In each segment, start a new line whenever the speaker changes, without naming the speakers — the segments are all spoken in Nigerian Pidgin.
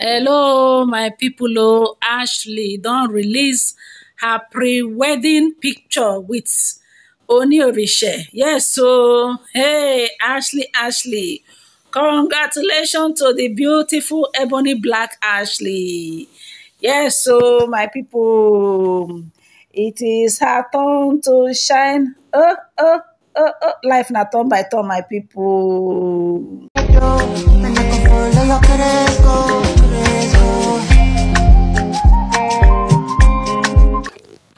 hello my people Oh, ashley don't release her pre-wedding picture with ooni yes o so, hey ashley ashley congratulations to the beautiful ebony black ashley yes o so, my people it is her turn to shine oh oh oh oh life na turn by turn my people. Yo,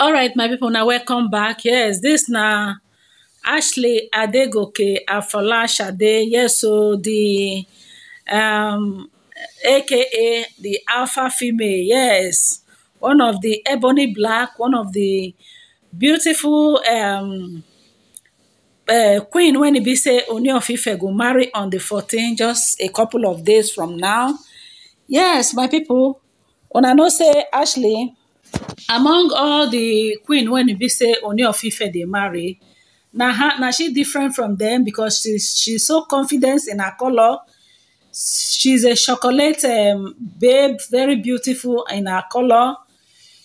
All right, my people. Now welcome back yes this na ashley adegoke afolashade yes so the um aka the alpha female yes one of the ebony black one of the beautiful um uh, queen when e be say oni of ife go marry on the 14 just a couple of days from now yes my When I know say ashley among all the queen when you be say oni of ife they marry na she different from them because she so confident in her colour she's a chocolate um, babe very beautiful in her colour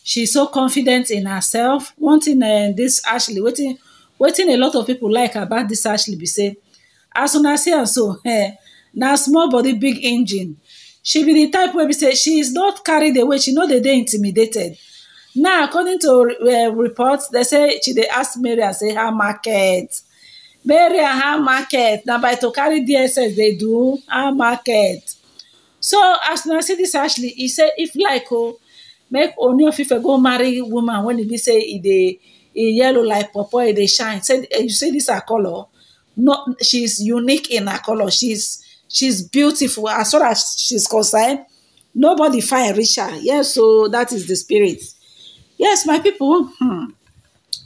she's so confident in herself one thing uh, ashley waiting waiting a lot of people like about this ashley be say as as see and so eh, na small body big engine she be the type where say she is not carried away she know they dey intimidated now according to eh, reports they say she they ask and say her market maria her market Now by to carry dss they do her market so as una see this ashley he say if like oh, make only if ife go marry woman when they be say the yellow like purple they shine say eh, you see this a colour she is unique in her colour she is she's beautiful as far as she's concerned nobody find Richard. yes so that is the spirit yes my people hmm.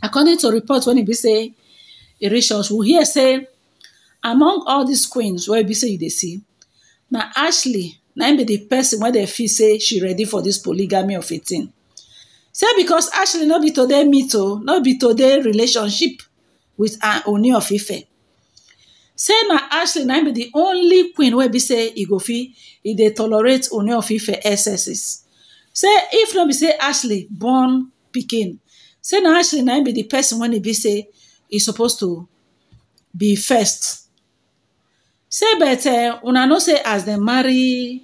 according to report when you be say e will hear say among all these queens where be say you dey see Now ashley now be the person where they feel say she ready for this polygamy of a say because ashley no be today meet o no be today relationship with her oni of ife say na ashley na im be di only queen wey be say e go fit e dey tolerate oni of ife airsesses say if no be say ashley born pikin say na ashley na im be di pesin wey e be say e suppose to be first. say but eh, una know say as dem marry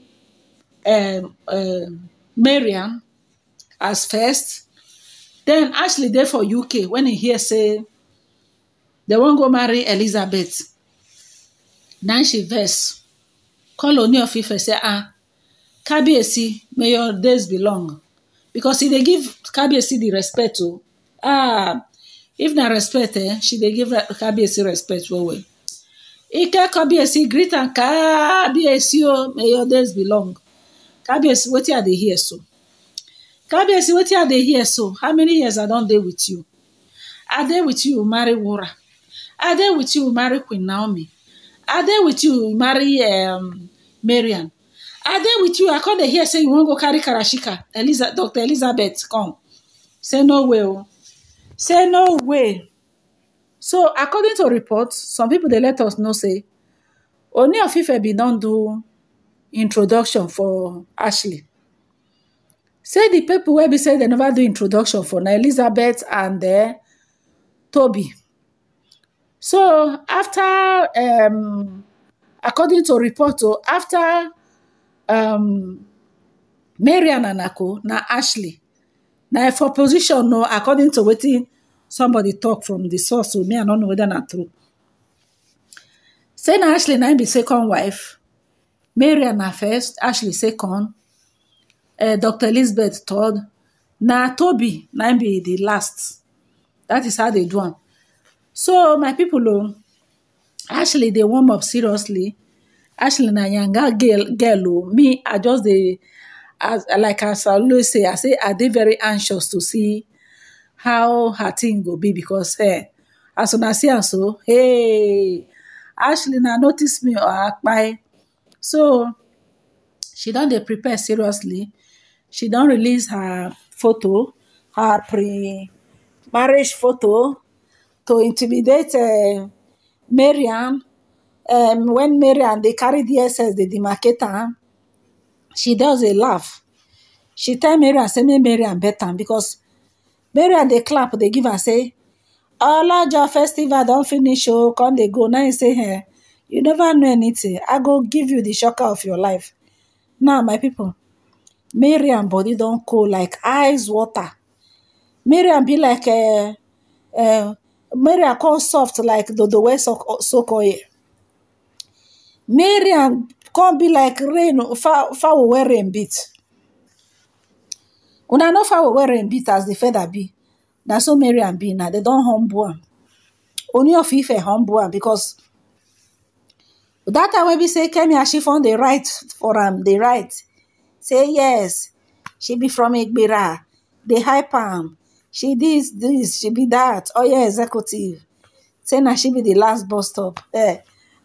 eh, eh, maria as first den ashley dey for uk wen e hear say dem wan go marry elizabeth. na she vex call oni of Ife say ah kabe si may your days be long because she dey give kabe si di respect o oh, ah if na respect eh she dey give kabe si respect well well ike kabe si greet am kaabe si oh, may your days be long kabe si wetin i dey hear so kabe si wetin i dey hear so how many years i don dey with you i dey with you marry wura i dey with you you marry queen naomi. Are they with you, Mary um, Marian? Are they with you? I come the hear say you won't go carry Karashika. Eliza, Dr. Elizabeth, come. Say no way. Oh. Say no way. So according to reports, some people they let us know say only a few be don't do introduction for Ashley. Say the people will be say they never do introduction for now Elizabeth and uh, Toby. So after, um, according to report, oh, after um, and Anako, now Ashley, now for position, no, according to waiting somebody talk from the source, so me, I don't know whether not true. Say now Ashley, now be second wife, Marian first, Ashley second, uh, eh, Dr. Elizabeth third, now Toby, now be the last. That is how they do it so my people, o oh, ashley they warm up seriously ashley na yanga girl o oh, me i just as like as i always say i say are they very anxious to see how her thing will be because hey, eh, as una see so hey ashley na notice me or my, so she done they prepare seriously she done release her photo her pre marriage photo to intimidate uh, Um, when Marian they carry DSS, they demarcate her, she does a laugh. She tell Marian, say, me Marian better because Marian they clap, they give and say, Lord, your festival don't finish, oh, come they go. Now you say, hey, eh, you never know anything. I go give you the shocker of your life. Now, my people, Marian body don't cool like ice water. Marian be like a, eh, a maria come soft like dodo wey so so koyi come be like rain fowl wey rain beat una no fowl wey rain beat as di feather be na so maria be na dem don humble am only of ife humble am becos time wey be say kemi she found dey write for am dey write say yes she be from igbira dey hype am. she this this she be that oh, yeah, executive say now she be the last bus stop eh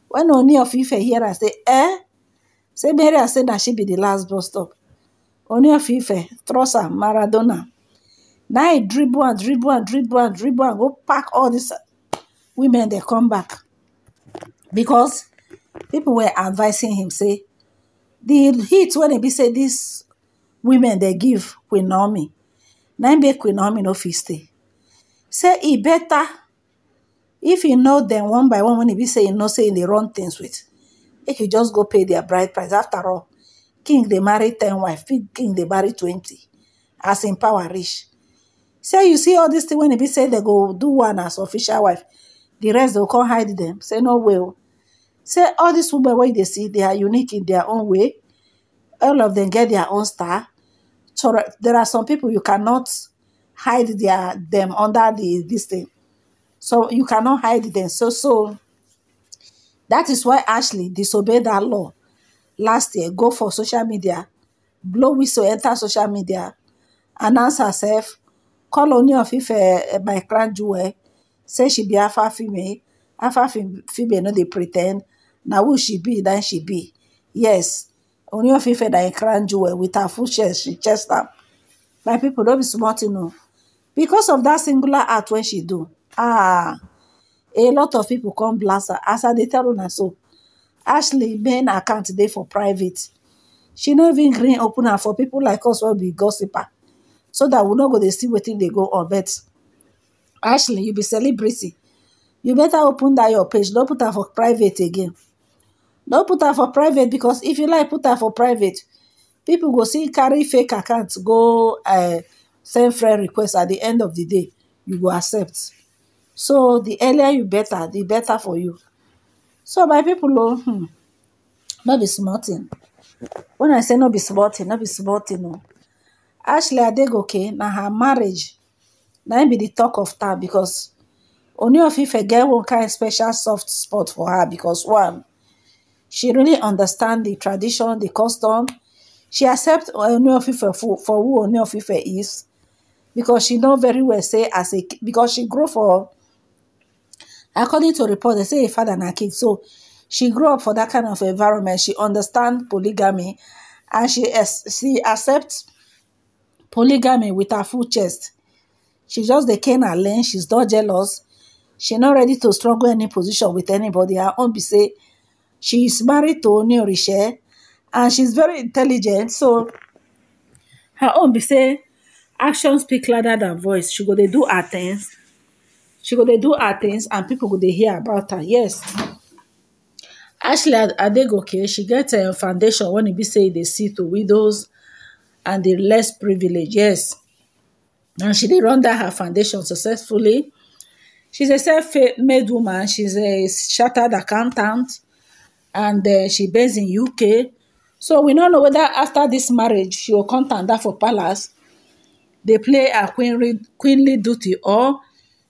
When only of ife hear her say eh say maria say that she be the last bus stop Only of if trust maradona Now e dribble and dribble and dribble and dribble and go pack all these women They come back because people were advising him say the heat when e be say this. women they give know me na im make queen naomi no fit stay say e better if you know them one by one when he be saying no saying the wrong things with If you just go pay their bride price after all king they marry ten wife king they marry twenty as in power rich. say you see all these thing when he be say they go do one as official wife The rest go come hide them. say no way say all these women when they see they are unique in their own way all of them get their own style so there are some people you cannot hide their them under the this thing. So you cannot hide them. So so that is why Ashley disobeyed that law last year. Go for social media, blow whistle, enter social media, announce herself, call on of Ife eh, my clan jewel, say she be Alpha female, Alpha female no they pretend, now. who she be, then she be. Yes, onye of ife na crown jewel with her full chest she chest am my people don't be smart thing because of that singular act when she do ah a lot of people come blast her as i tell tell una so ashley main account today for private she not even green open am for people like us will be gossiper so that we not go to see what they go on it. ashley you be celebrity you better open that your page Don't put am for private again don't put that for private because if you like put that for private people go see carry fake accounts go eh, send friend request at the end of the day you go accept so the earlier you better the better for you so my people know. Oh, hmm be smarting. when i say not be smarting, not be small thing I oh. ashley adegoke now her marriage That be the talk of town because only of a girl will kind special soft spot for her because one she really understands the tradition, the custom. She accepts Onyofife for, for who Onyofife is because she know very well say as a because she grew for according to report they say a father and a kid so she grew up for that kind of environment she understand polygamy and she she accepts polygamy with her full chest she just the cane her lane she's not jealous she not ready to struggle any position with anybody her own be say she is married to Oniorishe and she's very intelligent. So her own be say actions speak louder than voice. She go they do her things. She go they do her things and people go they hear about her. Yes. Ashley Adegoke, she gets a um, foundation when it be say they see to widows and the less privileged. Yes. And she did run that her foundation successfully. She's a self-made woman. She's a shattered accountant and uh, she based in UK. So we don't know whether after this marriage she will come to for palace. They play a queenly, queenly duty or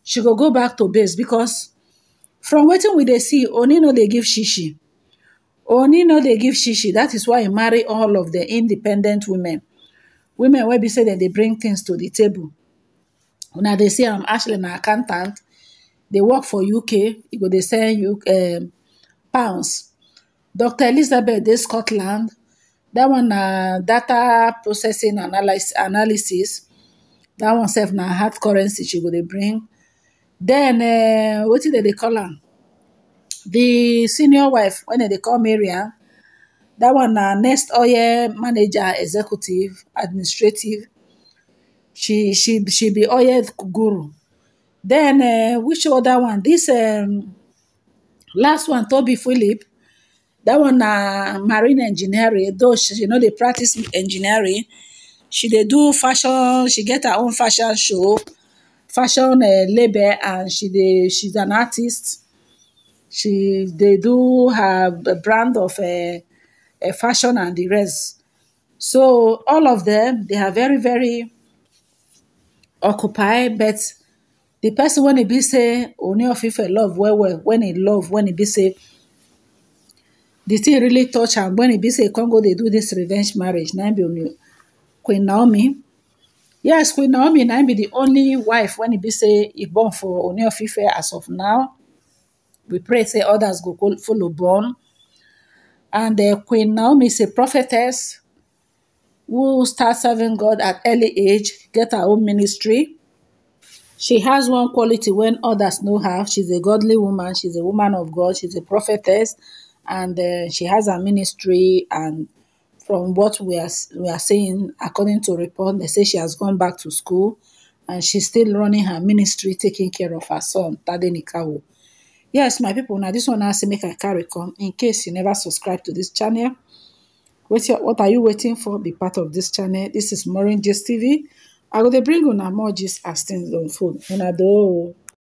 she will go back to base because from waiting with the sea, only know they give shishi. Only know they give shishi. That is why I marry all of the independent women. Women will be said that they bring things to the table. Now they say I'm actually an accountant. They work for UK. they send you um, pounds. Dr. Elizabeth dey Scotland. That one na data processing analysis. analysis, That one sef na hard currency she go dey bring. Then uh, wetin dem call The senior wife When they call Maria, That one na next oil manager, executive, administrative. She she she be oil guru. Then uh, which other one? This um, last one, Toby Philip that one na marine engineering though she know, they practice engineering she they do fashion she get her own fashion show fashion eh, label and she she's an artist she they do her brand of eh, eh, fashion and the rest so all of them they are very very occupied but the person when he be say only of Ife love well well when he love when he be say the thing really touch her. When it be say congo they do this revenge marriage Nine im be queen naomi yes queen naomi Naomi, the be only wife When it be say he born for only of ife as of now we pray say others go follow born and uh, queen naomi is a prophetess who start serving god at early age get her own ministry she has one quality when others know her, she's a godly woman she's a woman of god she's a prophetess and uh, she has a ministry and from what we are we are saying according to report they say she has gone back to school and she's still running her ministry taking care of her son Tade Nikawo. Yes, my people, now this one has to make a carry come in case you never subscribe to this channel. Wait, what are you waiting for? Be part of this channel. This is Maureen Gist TV. I will bring you now more gist as things unfold. fold. Una do.